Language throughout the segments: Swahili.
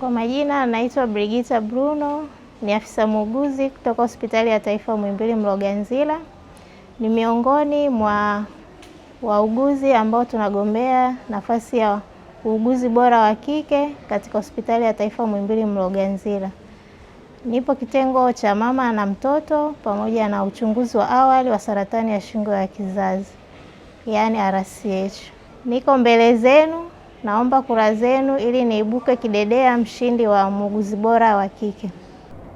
Kwa majina naitwa Brigita Bruno, ni afisa muuguzi kutoka Hospitali ya Taifa Muhimbili Mloganzila. Ni miongoni mwa wauguzi ambao tunagombea nafasi ya uuguzi bora wa kike katika Hospitali ya Taifa Muhimbili Mloganzila. Nipo kitengo cha mama na mtoto pamoja na uchunguzi wa awali wa saratani ya shingo ya kizazi, yaani RCH. Niko mbele zenu Naomba kura zenu ili niibuke kidedea mshindi wa muuguzi bora wa kike.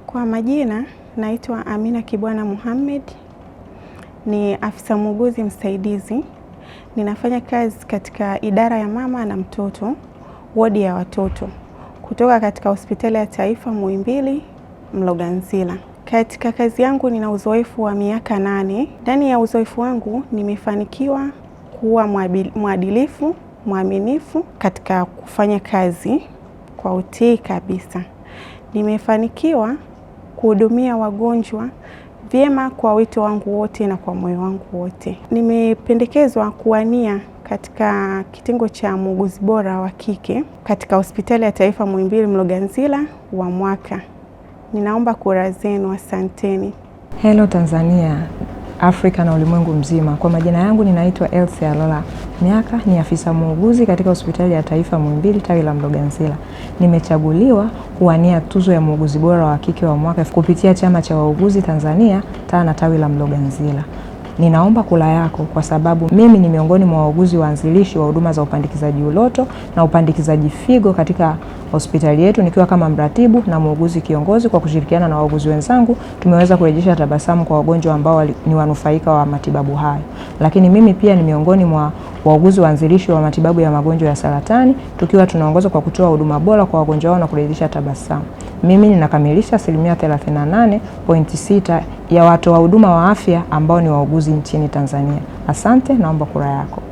Kwa majina naitwa Amina Kibwana Muhammad, ni afisa muuguzi msaidizi. Ninafanya kazi katika idara ya mama na mtoto, wodi ya watoto, kutoka katika hospitali ya taifa Muhimbili Mloganzila. Katika kazi yangu nina uzoefu wa miaka nane. Ndani ya uzoefu wangu nimefanikiwa kuwa mwadilifu mwaminifu katika kufanya kazi kwa utii kabisa. Nimefanikiwa kuhudumia wagonjwa vyema kwa wito wangu wote na kwa moyo wangu wote. Nimependekezwa kuwania katika kitengo cha muuguzi bora wa kike katika Hospitali ya Taifa Muhimbili Mloganzila wa mwaka. Ninaomba kura zenu, asanteni. Hello Tanzania. Afrika na ulimwengu mzima. Kwa majina yangu ninaitwa Elsie Alola Miaka, ni afisa muuguzi katika hospitali ya taifa Muhimbili tawi la Mloganzila. Nimechaguliwa kuwania tuzo ya muuguzi bora wa kike wa mwaka kupitia chama cha wauguzi Tanzania TANA tawi la Mloganzila ninaomba kula yako kwa sababu mimi ni miongoni mwa wauguzi waanzilishi wa huduma za upandikizaji uloto na upandikizaji figo katika hospitali yetu, nikiwa kama mratibu na muuguzi kiongozi. Kwa kushirikiana na wauguzi wenzangu, tumeweza kurejesha tabasamu kwa wagonjwa ambao ni wanufaika wa matibabu hayo. Lakini mimi pia ni miongoni mwa wauguzi waanzilishi wa matibabu ya magonjwa ya saratani, tukiwa tunaongoza kwa kutoa huduma bora kwa wagonjwa wao na kurejesha tabasamu mimi ninakamilisha asilimia 38.6 ya watoa huduma wa afya ambao ni wauguzi nchini Tanzania. Asante, naomba kura yako.